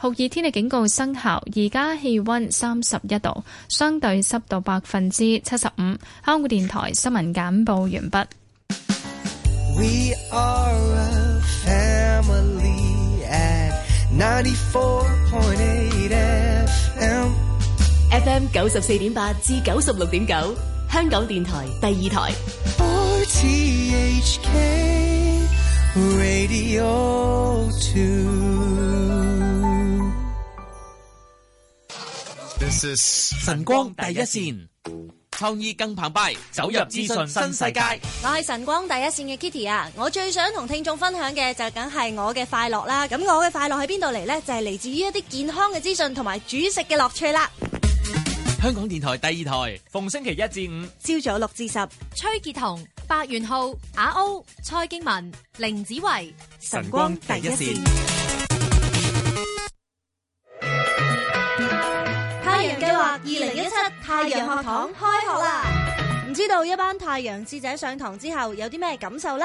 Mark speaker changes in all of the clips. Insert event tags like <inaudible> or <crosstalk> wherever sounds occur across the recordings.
Speaker 1: 酷熱天氣警告生效，而家氣温三十一度，相對濕度百分之七十五。香港電台新聞簡報完畢。
Speaker 2: FM 九十四點
Speaker 3: 八至九十六點九，香港電台第二台。
Speaker 2: 晨光第一線，
Speaker 4: 創意更澎湃，走入資訊新世界。
Speaker 3: 我係晨光第一線嘅 Kitty 啊，我最想同聽眾分享嘅就梗係我嘅快樂啦。咁我嘅快樂喺邊度嚟呢？就係、是、嚟自於一啲健康嘅資訊同埋煮食嘅樂趣啦。
Speaker 4: 香港電台第二台，逢星期一至五，
Speaker 3: 朝早六至十，崔潔彤、白元浩、阿歐、蔡敬文、凌子維，
Speaker 4: 晨光第一線。
Speaker 2: 太
Speaker 3: 陽學堂開學啦！唔知道一班太陽智者上堂之後有啲咩感受呢？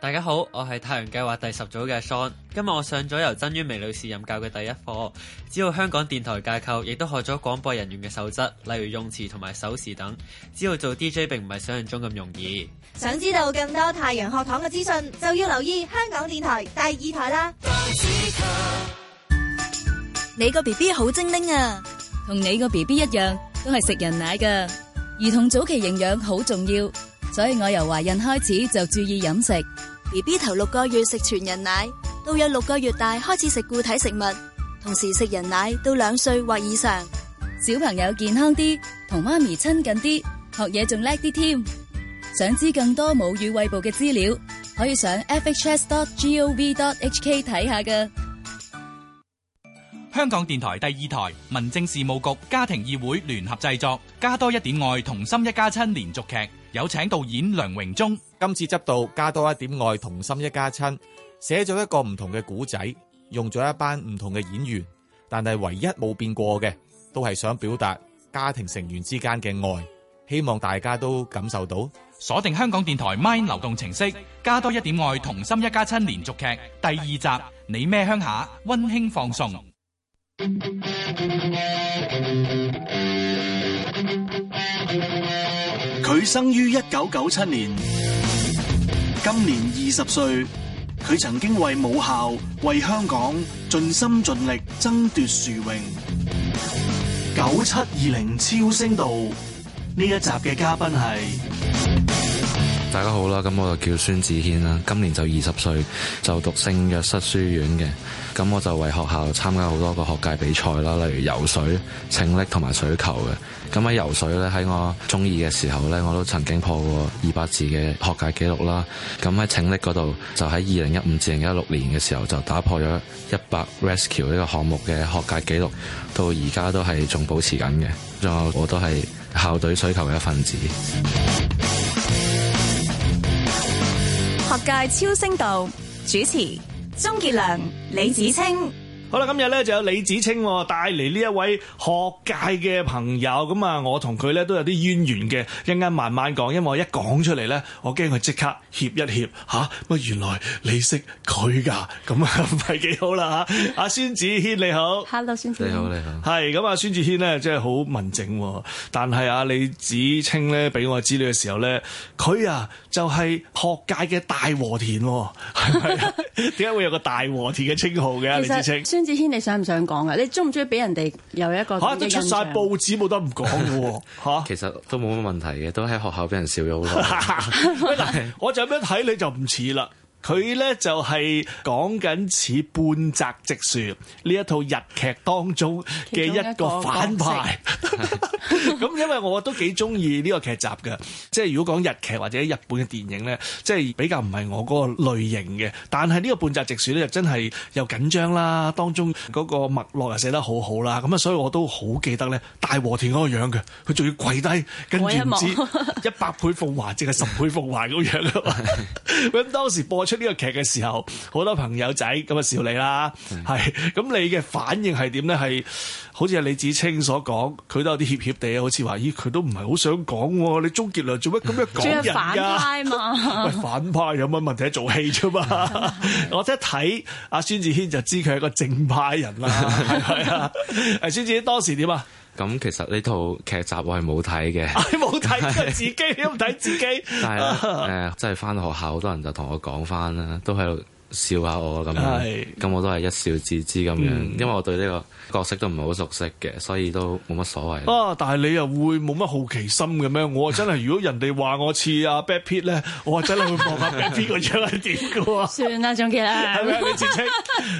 Speaker 4: 大家好，我係太陽計劃第十組嘅 Sean，今日我上咗由曾于明女士任教嘅第一課，知道香港電台架構，亦都學咗廣播人員嘅守則，例如用詞同埋手勢等。知道做 DJ 並唔係想象中咁容易。
Speaker 3: 想知道更多太陽學堂嘅資訊，就要留意香港電台第二台啦。你個 B B 好精靈啊，同你個 B B 一樣。都係食人奶噶。兒童早期營養好重要，所以我由懷孕開始就注意飲食。BB 頭六個月食全人奶，到有六個月大開始食固體食物，同時食人奶到兩歲或以上，小朋友健康啲，同媽咪親近啲，學嘢仲叻啲添。想知更多母乳餵哺嘅資料，可以上 fhs.gov.hk 睇下噶。
Speaker 4: 香港電台第二台、民政事務局、家庭議會聯合製作《加多一點愛，同心一家親》連續劇，有請導演梁榮忠。今次執導《加多一點愛，同心一家親》，寫咗一個唔同嘅古仔，用咗一班唔同嘅演員，但係唯一冇變過嘅都係想表達家庭成員之間嘅愛，希望大家都感受到。鎖定香港電台 Mine 流動程式，《加多一點愛，同心一家親》連續劇第二集，你咩鄉下溫馨放送。
Speaker 5: 佢生於一九九七年，今年二十歲。佢曾經為母校、為香港盡心盡力爭奪殊榮。九七二零超聲道：「呢一集嘅嘉賓係。
Speaker 4: 大家好啦，咁我就叫孫子軒啦，今年就二十歲，就讀聖約瑟書院嘅，咁我就為學校參加好多個學界比賽啦，例如游水、拯溺同埋水球嘅。咁喺游水呢，喺我中二嘅時候呢，我都曾經破過二百字嘅學界紀錄啦。咁喺拯溺嗰度，就喺二零一五至二零一六年嘅時候就打破咗一百 rescue 呢個項目嘅學界紀錄，到而家都係仲保持緊嘅。仲有我都係校隊水球嘅一份子。
Speaker 3: 界超聲道主持鍾傑良、李芷菁。
Speaker 5: 好啦，今日咧就有李芷菁帶嚟呢一位學界嘅朋友，咁啊，我同佢咧都有啲淵源嘅，一陣間慢慢講，因為我一講出嚟咧，我驚佢即刻怯一怯吓，乜、啊、原來你識佢噶，咁啊，唔係幾好啦吓。阿孫子軒你好，hello 孫子，你好 Hello, 你好，係咁啊，孫子軒咧即係好文靜，但係啊，李芷菁咧俾我資料嘅時候咧，佢啊就係、是、學界嘅大和田，係咪啊？點解 <laughs> 會有個大和田嘅稱號嘅？實李芷菁。
Speaker 3: 子軒你想唔想講啊？你中唔中意俾人哋有一個吓、啊、都出晒報
Speaker 5: 紙、啊，冇得唔
Speaker 4: 講嘅喎吓，其實都冇乜問題嘅，都喺學校俾人笑咗好多。嗱，我就咁樣睇你
Speaker 5: 就唔似啦。佢咧就係講緊似《半澤直樹》呢一套日劇當中嘅一個反派。咁 <laughs> 因為我都幾中意呢個劇集嘅，即係如果講日劇或者日本嘅電影咧，即係比較唔係我個類型嘅。但係呢個半澤直樹咧就真係又緊張啦，當中個脈絡又寫得好好啦。咁啊，所以我都好記得咧，大和田個樣嘅，佢仲要跪低，跟住唔知一百倍奉還即係十倍奉還咁樣啊嘛。咁 <laughs> 當時播出呢個劇嘅時候，好多朋友仔咁啊笑你啦，係咁、嗯、你嘅反應係點咧？係好似係李芷菁所講，佢都有啲怯怯地，好似話咦，佢都唔係好想講、啊。你鍾傑良做乜咁樣講人、啊、反，派 <laughs> 反派嘛，反派有乜問題？做戲啫嘛。 <laughs> 我一睇，阿孫子軒就知佢係一個正派人啦。
Speaker 4: 係啊 <laughs> 不，阿孫子軒當時點啊？咁其實呢套劇集我係冇睇嘅，冇睇
Speaker 5: 自己都唔睇自己。係
Speaker 4: 誒，即係翻到學校，好多人就同我講翻啦，都喺度笑下我咁。咁我都係一笑置之咁樣，因為我對呢個角色都唔係好熟悉嘅，所以都冇乜所謂。哦，
Speaker 5: 但係你又會冇乜好奇心嘅咩？我真係如果人哋話我似阿 Bad Pit 咧，我真係會模下 Bad Pit 個樣係點嘅。
Speaker 3: 算啦，鍾傑啦，係咪李芷
Speaker 5: 菁？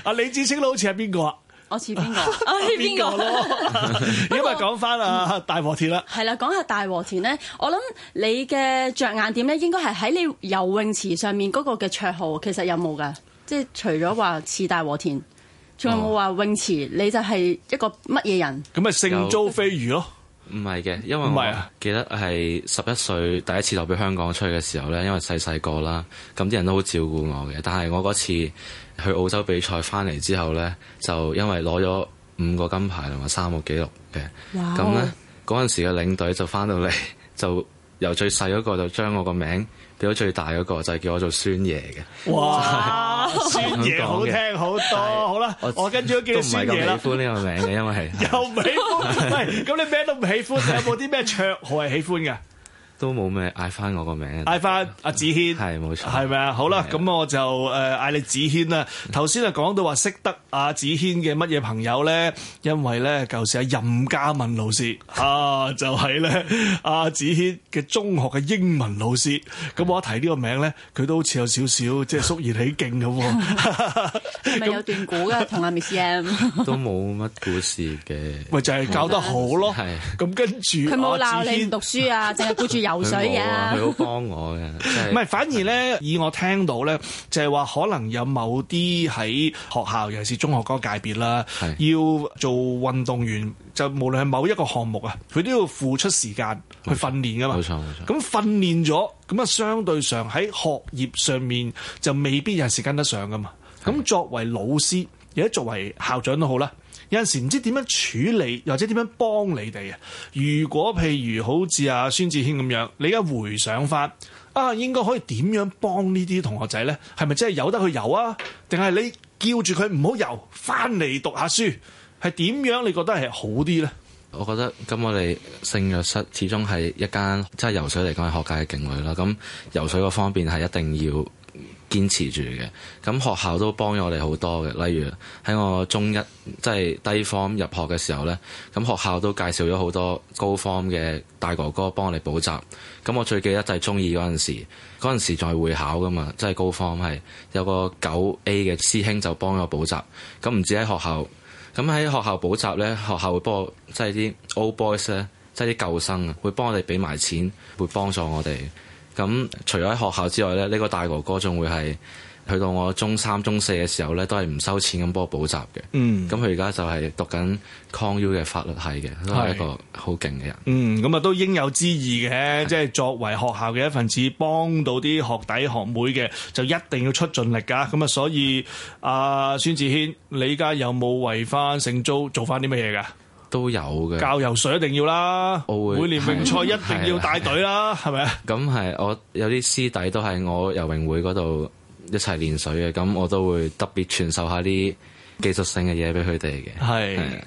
Speaker 5: 阿李芷菁咧，好似係邊個啊？
Speaker 3: 我似邊個？邊個
Speaker 5: 咯？咁啊，講翻啊大和田啦 <laughs> 。
Speaker 3: 係啦，講下大和田咧，我諗你嘅着眼點咧，應該係喺你游泳池上面嗰個嘅綽號，其實有冇噶？即係除咗話似大和田，仲有冇話泳池？你就係一個乜嘢人？
Speaker 4: 咁咪姓周飛魚咯。唔係嘅，因為我記得係十一歲第一次代表香港出去嘅時候咧，因為細細個啦，咁啲人都好照顧我嘅，但係我嗰次。去澳洲比賽翻嚟之後咧，就因為攞咗五個金牌同埋三個紀錄嘅，咁咧嗰陣時嘅領隊就翻到嚟就由最細嗰個就將我個名變咗最大嗰個，就係叫我做孫爺嘅。
Speaker 5: 哇，孫爺好聽好多，好啦，我跟住都叫孫爺啦。唔係咁喜歡
Speaker 4: 呢個名嘅，因為
Speaker 5: 又唔喜歡，唔係咁你咩都唔喜歡， <laughs> 你有冇啲咩綽號係喜歡嘅？
Speaker 4: 都冇咩嗌翻我個名，嗌翻阿子軒，係冇錯，係咪
Speaker 5: 啊？好啦，咁我就誒嗌你子軒啦。頭先啊講到話識得阿子軒嘅乜嘢朋友咧，因為咧舊時阿任嘉敏老師啊，就係咧阿子軒嘅中學嘅英文老師。咁我一提呢個名咧，佢都好似有少少即係肅然起敬咁。係咪
Speaker 3: 有段故嘅，同阿 Miss M，
Speaker 5: 都冇乜故事嘅，喂就係教得好咯。係咁跟住，佢冇鬧你唔
Speaker 3: 讀書啊，淨係顧住。游水啊，佢好
Speaker 4: 幫我
Speaker 5: 嘅，唔係， <laughs> 反而咧，以我聽到咧，就係話可能有某啲喺學校，尤其是中學嗰個界別啦，是要做運動員，就無論係某一個項目啊，佢都要付出時間去訓練噶嘛。冇錯冇錯。咁訓練咗，咁啊，相對上喺學業上面就未必有時跟得上噶嘛。咁作為老師，或者作為校長都好啦。有陣時唔知點樣處理，或者點樣幫你哋啊？如果譬如好似阿孫子軒咁樣，你而家回想翻，啊應該可以點樣幫呢啲同學仔呢？係咪真係有得去游啊？定係你叫住佢唔好游翻嚟讀
Speaker 4: 下書，係點樣你覺得係好啲呢？我覺得咁，我哋聖約瑟始終係一間即係游水嚟講係學界嘅勁旅啦。咁游水個方面係一定要。堅持住嘅，咁學校都幫咗我哋好多嘅。例如喺我中一即係、就是、低方入學嘅時候呢，咁學校都介紹咗好多高方嘅大哥哥幫我哋補習。咁我最記得就係中二嗰陣時，嗰陣時仲係會考噶嘛，即、就、係、是、高方係有個九 A 嘅師兄就幫我補習。咁唔止喺學校，咁喺學校補習呢，學校會幫我，即係啲 old boys 咧，即係啲舊生啊，會幫我哋俾埋錢，會幫助我哋。咁除咗喺學校之外咧，呢、呢個大哥哥仲會係去到我中三、中四嘅時候咧，都係唔收錢咁幫我補習嘅。嗯，咁佢而家就係讀緊 CU 嘅法律系嘅，是都係一個好勁嘅人。嗯，咁啊都
Speaker 5: 應有之義嘅，是即係作為學校嘅一份子，幫到啲學弟學妹嘅，就一定要出盡力㗎。咁啊，所以阿、呃、孫子軒，你而家有冇為翻聖租做翻啲乜嘢㗎？
Speaker 4: 都有嘅，教
Speaker 5: 游水，一定要啦。我會每年泳賽是一定要帶
Speaker 4: 隊啦，係咪？咁係吧，我有啲師弟都喺我游泳會嗰度一齊練水嘅，咁我都會特別傳授下啲技術性嘅嘢俾佢哋嘅。
Speaker 3: 係是，是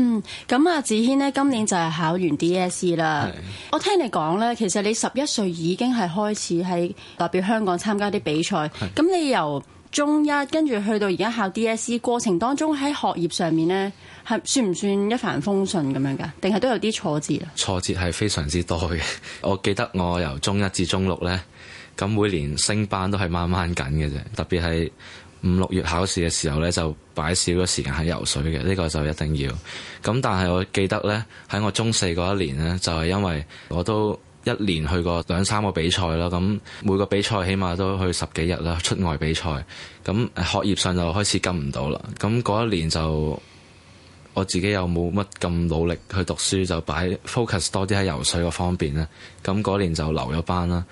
Speaker 3: 嗯，咁阿子軒呢，今年就係考完 DSE 啦是。我聽你講呢，其實你十一歲已經係開始喺代表香港參加啲比賽，咁是你由。中一跟住，去到而家考 DSE 過程當中，喺學業上面呢，係算唔算一帆風順咁樣噶？定係都有啲挫折啊？
Speaker 4: 挫折係非常之多嘅。我記得我由中一至中六呢，咁每年升班都係掹掹緊嘅啫。特別係五六月考試嘅時候呢，就擺少咗時間喺游水嘅。呢、呢個就一定要。咁但係我記得呢，喺我中四嗰一年呢，就係、係、因為我都。一年去過兩三個比賽啦，咁每個比賽起碼都去十幾日啦，出外比賽。咁學業上就開始跟唔到啦。咁嗰一年就我自己又冇乜咁努力去讀書，就擺 focus 多啲喺游水嗰方面咧。咁嗰年就留咗班啦，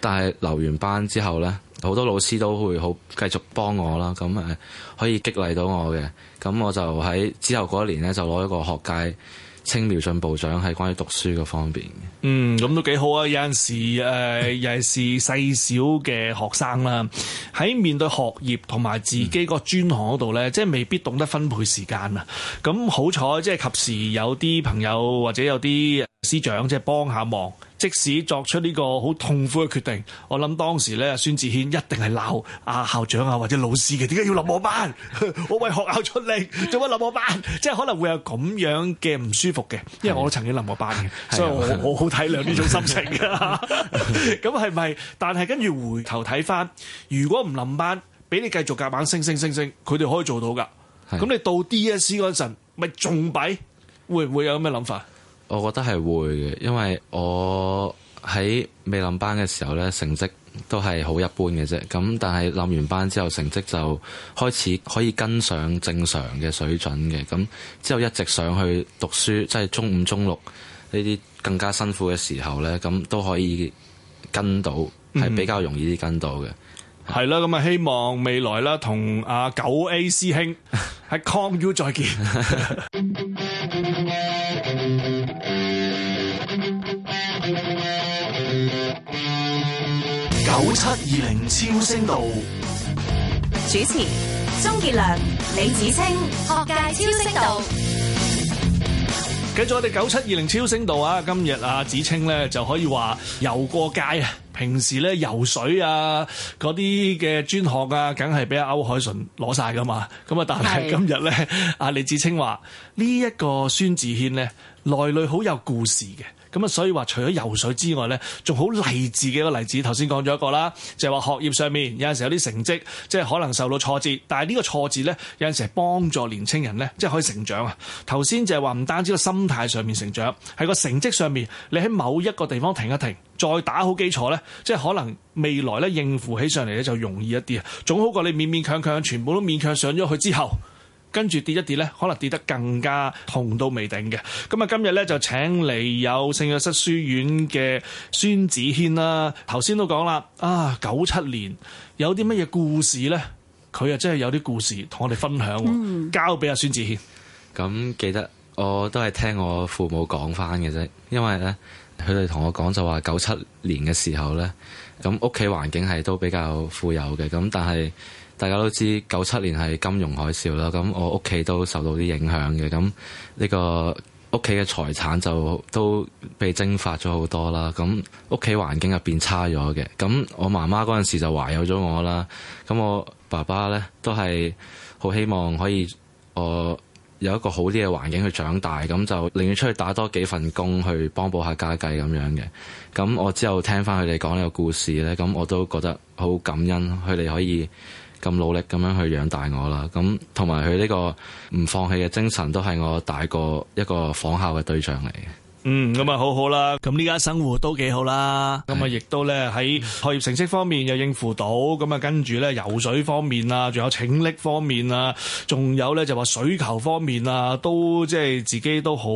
Speaker 4: 但係留完班之後呢，好多老師都會好繼續幫我啦。咁誒可以激勵到我嘅。咁我就喺之後嗰一年呢，就攞一個學界。青苗信部長係關於讀書個方面
Speaker 5: 嘅，嗯，咁都幾好啊！有陣時，誒、呃，尤其是細小嘅學生啦，喺面對學業同埋自己個專項嗰度咧，嗯、即係未必懂得分配時間啊。咁好彩，即係及時有啲朋友或者有啲師長即係幫下忙。即使作出呢個好痛苦嘅決定，我諗當時咧，孫子軒一定係鬧阿校長啊，或者老師嘅，點解要臨我班？ <laughs> 我為學校出力，做乜臨我班？即係可能會有咁樣嘅唔舒服嘅，因為我都曾經臨我班嘅，的所以我好好體諒呢種心情噶。咁係咪？但係跟住回頭睇翻，如果唔臨班，俾你繼續夾硬，硬升升升升，佢哋可以做到噶。咁的你到 DSE 嗰陣，咪仲弊？會唔會有咩諗法？
Speaker 4: 我覺得係會嘅，因為我喺未臨班嘅時候呢，成績都係好一般嘅啫。咁但係臨完班之後，成績就開始可以跟上正常嘅水準嘅。咁之後一直上去讀書，即係中五、中六呢啲更加辛苦嘅時候呢，咁都可以跟到，係比較容易啲跟到嘅。嗯
Speaker 5: 係啦，咁啊，希望未來啦，同阿九 A 師兄喺 call you 再見。
Speaker 2: 九七二零超聲
Speaker 5: 道，
Speaker 1: 主持鍾傑良、李芷菁，學界
Speaker 3: 超聲道。
Speaker 5: 繼續我哋九七二零超聲道啊！今日啊，芷菁咧就可以話游過界啊！平時咧游水啊，嗰啲嘅專項啊，梗係俾歐鎧淳攞晒㗎嘛。咁是啊，但係今日咧，阿李芷菁話呢一個孫子軒咧內裏好有故事嘅。咁啊，所以話除咗游水之外咧，仲好勵志嘅一個例子。頭先講咗一個啦，就係、是、話學業上面有陣時有啲成績，即係可能受到挫折，但係呢個挫折咧有陣時係幫助年青人咧，即係可以成長啊。頭先就係話唔單止個心態上面成長，喺個成績上面，你喺某一個地方停一停，再打好基礎呢，即係可能未來呢應付起上嚟呢就容易一啲啊，總好過你勉勉強強全部都勉強上咗去之後，跟住跌一跌呢，可能跌得更加痛都未定嘅。咁啊，今日呢，就請嚟有聖約瑟書院嘅孫子軒啦，頭先都講啦，啊九七年有啲乜嘢故事呢？佢啊真係有啲故事同我哋分享，嗯、
Speaker 4: 交俾阿孫子軒。咁、嗯、記得我都係聽我父母講翻嘅啫，因為呢。佢哋同我講就話九七年嘅時候呢，咁屋企環境係都比較富有嘅，咁但係大家都知九七年係金融海嘯啦，咁我屋企都受到啲影響嘅，咁呢個屋企嘅財產就都被蒸發咗好多啦，咁屋企環境又變差咗嘅，咁我媽媽嗰陣時就懷有咗我啦，咁我爸爸呢，都係好希望可以我。有一個好啲嘅環境去長大，咁就寧願出去打多幾份工去幫補下家計咁樣嘅。咁我之後聽翻佢哋講呢個故事呢，咁我都覺得好感恩佢哋可以咁努力咁樣去養大我啦。咁同埋佢呢個唔放棄嘅精神，都係我大過一個仿效嘅對象嚟嘅。
Speaker 5: 嗯，咁啊好好啦，咁呢家生活都幾好啦，咁啊亦都咧喺學業成績方面又應付到，咁啊的跟住咧游水方面啊，仲有拯溺方面啊，仲有咧就話水球方面啊，都即係自己都好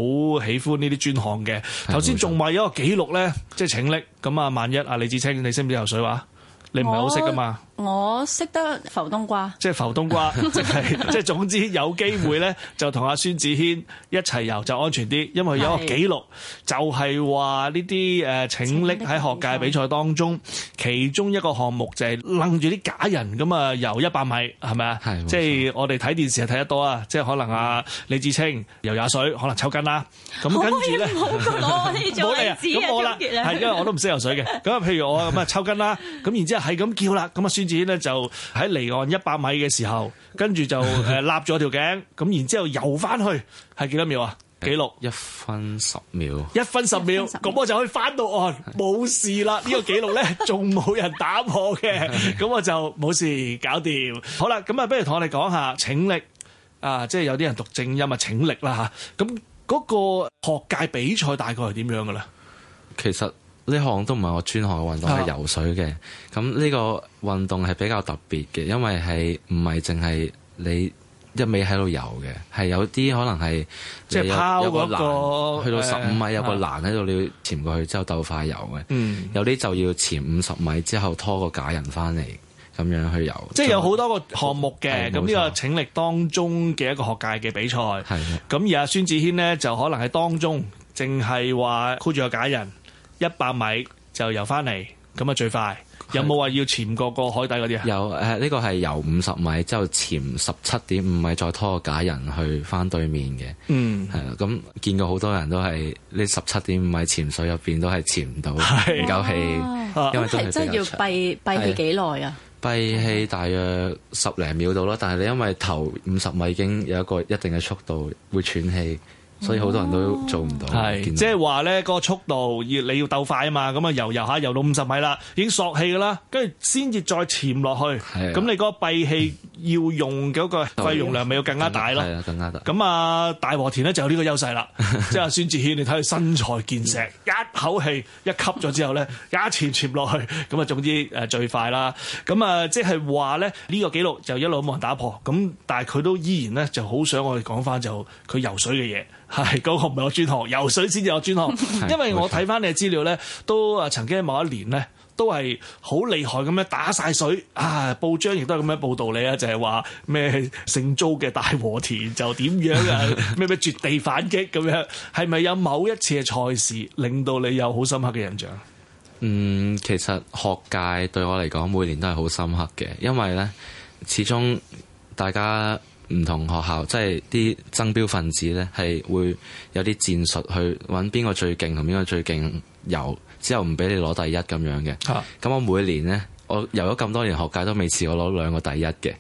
Speaker 5: 喜歡呢啲專項嘅。頭先仲有一個紀錄咧，即係拯溺，咁啊萬一啊李芷菁，你識唔識游水話？你唔係好識㗎嘛。我識得浮冬瓜，即係浮冬瓜，即係即係總之有機會咧，就同阿孫子軒一齊游就安全啲，因為有個記錄，就係話呢啲誒拯溺喺學界比賽當中，其中一個項目就係擸住啲假人咁啊游一百米，係咪啊？係，即係我哋睇電視睇得多啊，即係可能阿李芷菁游下水可能抽筋啦，咁跟住咧攞你做例子啊，係因為我都唔識游水嘅，咁啊譬如我咁啊抽筋啦，咁然之後係咁叫啦，咁啊孫。先咧就喺離岸一百米嘅時候，跟住就誒立咗條頸，咁然之後游翻去係幾多秒啊？紀錄一分十秒，一分十秒，咁我就可以翻到岸，冇事啦。呢個紀錄咧仲冇人打破嘅，咁我就冇事搞掂。好啦，咁啊不如同我哋講下，請力啊，即係有啲人讀正音啊，請力啦吓。咁嗰個學界比賽大
Speaker 4: 概係點樣噶啦？其實。呢項都唔係我專項嘅運動，係游水嘅。咁呢個運動係比較特別嘅，因為係唔係淨係你一味喺度游嘅，係有啲可能係即係拋嗰、嗰個，一個去到十五米、嗯、有個欄喺度，你要潛過去之後鬥快遊嘅。嗯、有啲就要潛五十米之後拖個假人返嚟咁樣去遊。
Speaker 5: 即係有好多個項目嘅，咁呢個
Speaker 4: 請力當中嘅一個學界嘅比賽。
Speaker 5: 咁錯的而阿孫子軒呢，就可能喺當中淨係話箍住個假人。一百米就游翻嚟，咁啊最快。是有冇話要潛過個海底嗰啲啊？
Speaker 4: 有，誒、這、呢個係游五十米之後潛十七點五米，再拖個假人去翻對面嘅。嗯，咁見過好多人都係呢十七點五米潛水入邊都係潛唔到，唔夠氣。咁係真要閉
Speaker 3: 閉氣幾耐啊？
Speaker 4: 閉氣大約十零秒度咯。但係你因為頭五十米已經有一個一定嘅速度，會喘氣。所以好多人都做唔到，
Speaker 5: 係是到即係話咧個速度要你要鬥快啊嘛，咁啊遊遊下遊到五十米啦，已經索氣㗎啦，跟住先至再潛落去，咁的你個閉氣要用嗰個肺容量咪要更加大咯，更加大。咁啊大和田咧就有呢個優勢啦， <laughs> 即係孫子軒，你睇佢身材健碩， <laughs> 一口氣一吸咗之後咧， <laughs> 一潛潛落去，咁啊總之誒最快啦。咁啊即係話咧呢個紀錄就一路冇人打破，咁但係佢都依然咧就好想我哋講翻就佢游水嘅嘢。係，嗰個唔係我專項，游水先至有專項。 <laughs> 因為我睇翻你嘅資料呢，都啊曾經某一年呢，都係好厲害咁樣打晒水啊！報章亦都係咁樣報道你啊，就係話咩姓租嘅大和田就點樣啊？咩咩 <laughs> 絕地反擊咁樣，係咪有某一次嘅賽事令到你有好深刻嘅印象？
Speaker 4: 嗯，其實學界對我嚟講，每年都係好深刻嘅，因為呢，始終大家。唔同學校，即係啲爭標分子呢，係會有啲戰術去揾邊個最勁同邊個最勁游，之後唔俾你攞第一咁樣嘅。咁、啊、我每年呢，我游咗咁多年學界都未試過攞兩個第一嘅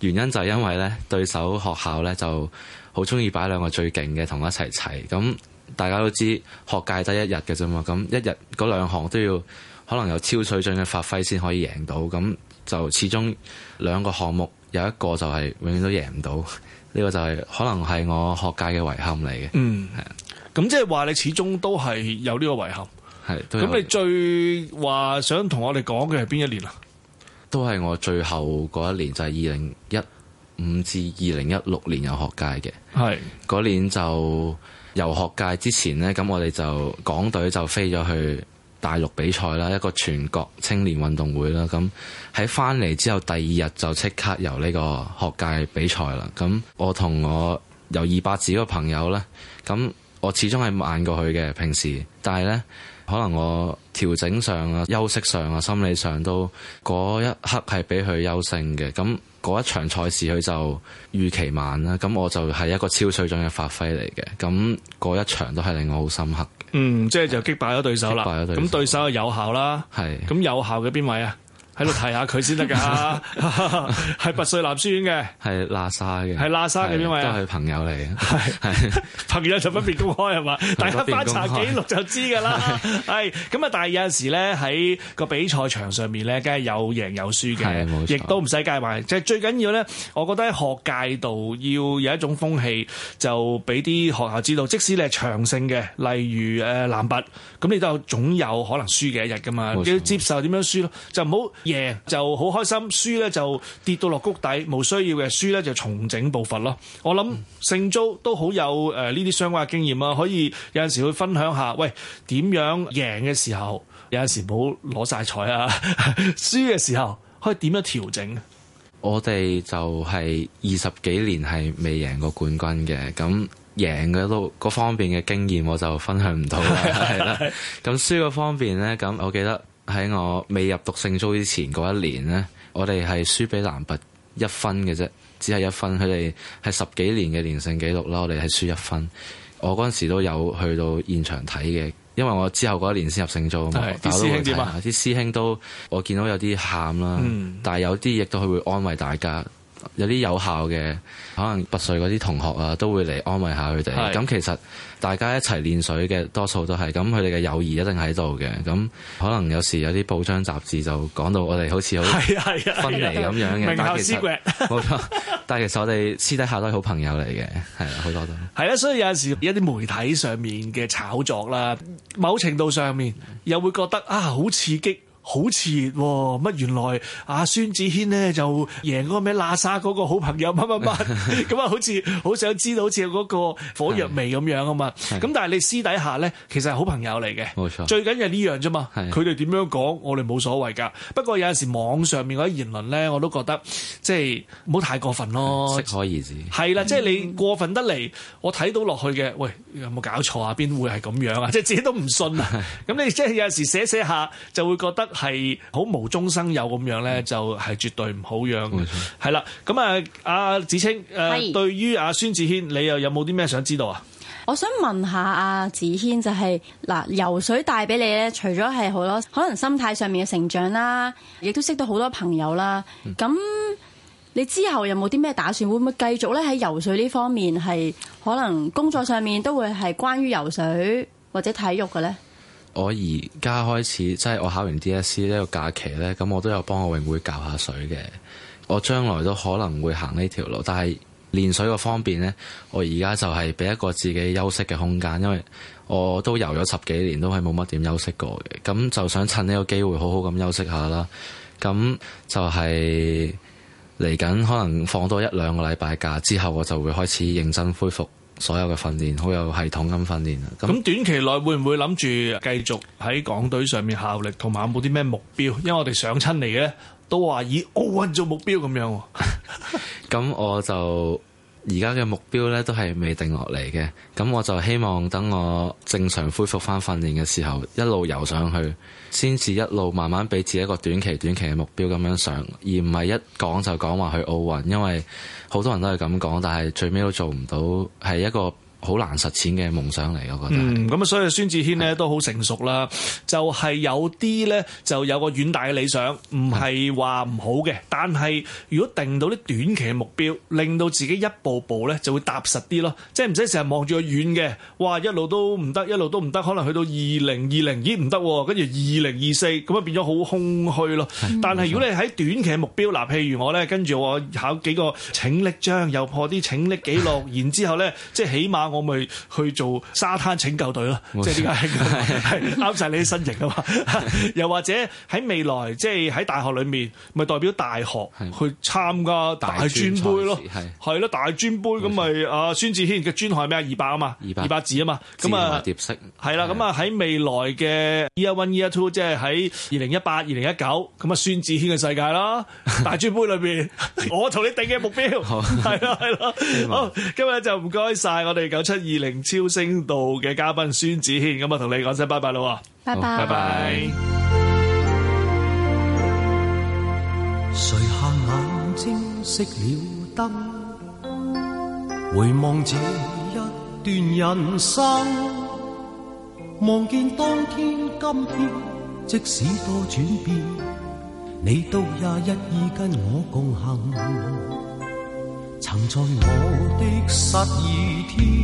Speaker 4: 原因就係因為呢，對手學校呢就好中意擺兩個最勁嘅同我一齊砌。咁大家都知學界得一日嘅啫嘛，咁一日嗰兩項都要可能有超水準嘅發揮先可以贏到。咁就始終兩個項目。有一個就係永遠都贏唔到，呢 <laughs> 個就係可能係我學界嘅遺憾嚟
Speaker 5: 嘅。嗯，咁是即係話你始終都係
Speaker 4: 有呢個遺憾。係，咁你
Speaker 5: 最話想同我哋講嘅係邊一年啊？
Speaker 4: 都係我最後嗰一年，就係二零一五至二零一六年有學界嘅。係嗰是年就游學界之前呢，咁我哋就港隊就飛咗去。大陸比賽啦，一個全國青年運動會啦，咁喺返嚟之後第二日就即刻游呢個學界比賽啦。咁我同我游二百字個朋友呢，咁我始終係慢過佢嘅平時，但係呢，可能我調整上啊、休息上啊、心理上都嗰一刻係比佢優勝嘅。咁嗰一場賽事佢就預期慢啦，咁我就係一個超水準嘅發揮嚟嘅。咁嗰一場都係令我好深刻。
Speaker 5: 嗯，即係就擊敗咗對手啦。咁對手就有效啦。係是。咁有效嘅邊位啊？喺度睇下佢先得噶，係拔萃男書院嘅，係喇沙嘅，係喇沙嘅，因為都係朋友嚟嘅，係係朋友就分別公開係嘛，大家翻查記錄就知噶啦，係咁啊！但係有陣時咧，喺個比賽場上面咧，梗係有贏有輸嘅，亦都唔使介懷。即係最緊要咧，我覺得喺學界度要有一種風氣，就俾啲學校知道，即使你係長勝嘅，例如誒男拔，咁你都總有可能輸嘅一日噶嘛，要接受點樣輸咯，就唔好。贏就好開心，輸咧就跌到落谷底，冇需要嘅。輸咧就重整步伐咯。我諗勝租都好有誒，呢啲相關嘅經驗啊，可以有陣時去分享下，喂，點樣贏嘅時候，有陣時唔好攞晒彩啊，輸 <laughs> 嘅時候可以點樣調整？
Speaker 4: 我哋就係二十幾年係未贏過冠軍嘅，咁贏嘅都嗰方面嘅經驗我就分享唔到啦，係啦。咁輸嘅方面咧，咁我記得。喺我未入讀聖週之前嗰一年咧，我哋係輸俾男拔一分嘅啫，只係一分。佢哋係十幾年嘅連勝紀錄啦，我哋係輸一分。我嗰陣時都有去到現場睇嘅，因為我之後嗰一年先入聖週啊嘛。啲對師兄點啊？啲師兄都我見到有啲喊啦，嗯、但係有啲亦都佢會安慰大家。有啲有效嘅，可能拔萃嗰啲同學啊，都會嚟安慰下佢哋。咁是其實大家一齊練水嘅多數都係咁，佢哋嘅友誼一定喺度嘅。咁可能有時有啲報章雜誌就講到我哋好似好分離咁樣嘅，啊啊啊、但係其實 <laughs> 但係其實我哋私底下都係好朋友嚟嘅，係啦、啊，好多都
Speaker 5: 係啦、啊。所以有陣時一啲媒體上面嘅炒作啦，某程度上面又會覺得啊，好刺激。好似乜？原來阿孫子軒呢，就贏嗰個咩喇沙嗰個好朋友乜乜乜咁啊！好似好想知道好似嗰個火藥味咁樣啊嘛！咁但係你私底下咧，其實係好朋友嚟嘅，冇錯。最緊要係呢樣啫嘛，佢哋點樣講，我哋冇所謂㗎。不過有陣時網上面嗰啲言論咧，我都覺得即係唔好太過分咯。適可而止係啦，即係你過分得嚟，我睇到落去嘅，喂有冇搞錯啊？邊會係咁樣啊？即係自己都唔信啊！咁你即係有陣時寫寫下，就會覺得。係好無中生有咁樣呢，就係、是、絕對唔好樣。係啦， <laughs> 咁啊，阿芷菁，誒是，對於阿孫子軒，你又有冇啲咩想知道
Speaker 3: 啊？我想問下阿子軒，就係、是、嗱，游水帶俾你呢，除咗係好多可能心態上面嘅成長啦，亦都識到好多朋友啦。咁、嗯、你之後有冇啲咩打算？會唔會繼續呢？喺游水呢方面係可能工作上面都會係關於游水或者體育嘅呢？
Speaker 4: 我而家開始，即係我考完 DSC 呢個假期呢，咁我都有幫我泳會教下水嘅。我將來都可能會行呢條路，但係練水個方面呢，我而家就係俾一個自己休息嘅空間，因為我都游咗十幾年，都係冇乜點休息過嘅。咁就想趁呢個機會好好咁休息下啦。咁就係嚟緊可能放多一兩個禮拜假之後，我就會開始認真恢復。所有嘅訓練好有系統咁訓練。
Speaker 5: 咁短期內會唔會諗住繼續喺港隊上面效力，同埋有冇啲咩目標？因為我哋上親嚟嘅都話以奧運做目標咁樣。
Speaker 4: 咁 <laughs> <laughs> 我就。而家嘅目標咧都係未定落嚟嘅，咁我就希望等我正常恢復翻訓練嘅時候，一路游上去，先至一路慢慢俾自己一個短期、短期嘅目標咁樣上，而唔係一講就講話去奧運，因為好多人都係咁講，但係最尾都做唔到，係一個。好難實踐嘅夢想嚟，我覺得。
Speaker 5: 嗯，咁啊，所以孫子軒咧是的 都好成熟啦，就係、是、有啲咧就有個遠大嘅理想，唔係話唔好嘅。是的 但係如果定到啲短期嘅目標，令到自己一步步咧就會踏實啲咯，即係唔使成日望住個遠嘅，哇一路都唔得，一路都唔得，可能去到二零二零咦唔得，跟住二零二四咁啊24，就變咗好空虛咯。但係如果你喺短期嘅目標，嗱譬如我咧跟住我考幾個拯溺章，又破啲拯溺記錄，然之後咧即係起碼。我咪去做沙灘拯救隊咯，即係點解啱曬你啲身形啊嘛？又或者喺未來，即係喺大學裏面，咪代表大學去參加大專杯咯，係係咯，大專杯，咁咪阿孫子軒嘅專項係咩啊？二百啊嘛，二百字啊嘛，咁啊，蝶式係啦，咁啊喺未來嘅 Year One、Year Two，即係喺二零一八、二零一九，咁啊，孫子軒嘅世界啦，大專杯裏邊，我同你定嘅目標係啦係啦，好，今日就唔該曬我哋九。七二零超聲道嘅嘉賓孫子軒，咁啊，同你講聲拜拜咯，拜拜拜拜。
Speaker 2: 垂好拜下眼睛，熄了燈，回望這一段人生，望見當天今天，即使多轉變，你都也一意跟我共行，曾在我的失意天。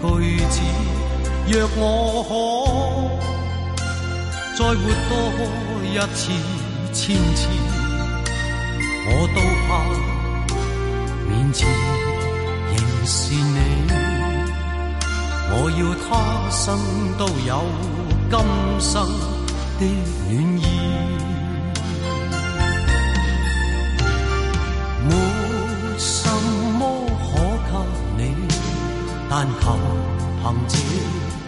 Speaker 2: 句子，若我可再活多一次，千次，我都怕，面前仍是你。我要他生都有今生的暖意。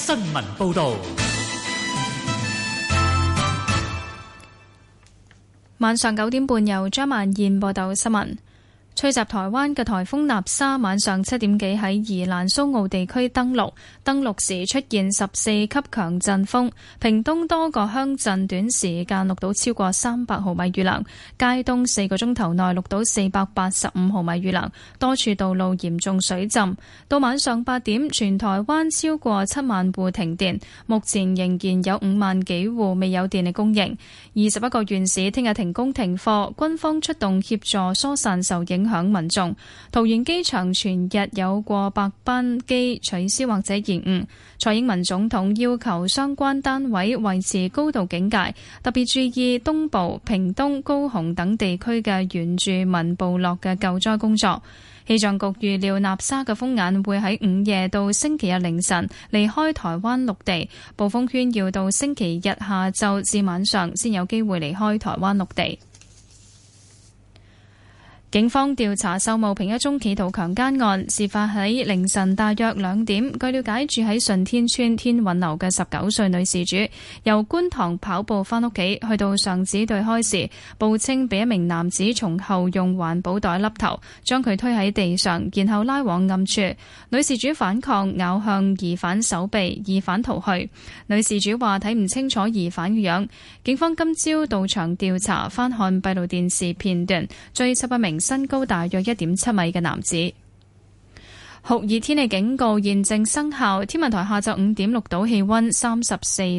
Speaker 1: 新聞報道。晚上九點半由張，由張曼燕報道新聞。吹襲台灣嘅台風納沙，晚上七點幾喺宜蘭蘇澳地區登陸，登陸時出現十四級強陣風，屏東多個鄉鎮短時間錄到超過三百毫米雨量，街東四個鐘頭內錄到四百八十五毫米雨量，多處道路嚴重水浸。到晚上八點，全台灣超過七萬戶停電，目前仍然有五萬幾戶未有電力供應。二十一個縣市聽日停工停課，軍方出動協助疏散受影影響民眾，桃園機場全日有過百班機取消或者延誤。蔡英文總統要求相關單位維持高度警戒，特別注意東部、屏東、高雄等地區嘅原住民部落嘅救災工作。氣象局預料納沙嘅風眼會喺午夜到星期日凌晨離開台灣陸地，暴風圈要到星期日下晝至晚上先有機會離開台灣陸地。警方調查秀茂坪一宗企圖強姦案，事發喺凌晨大約兩點。據了解，住喺順天邨天雲樓嘅十九歲女事主，由觀塘跑步返屋企，去到上址對開時，報稱被一名男子從後用環保袋笠頭，將佢推喺地上，然後拉往暗處。女事主反抗，咬向疑犯手臂，疑犯逃去。女事主話睇唔清楚疑犯嘅樣。警方今朝到場調查，翻看閉路電視片段，追緝一名身高大約一點七米嘅男子。酷熱天氣警告現正生效。天文台下晝五點錄到氣溫三十四度。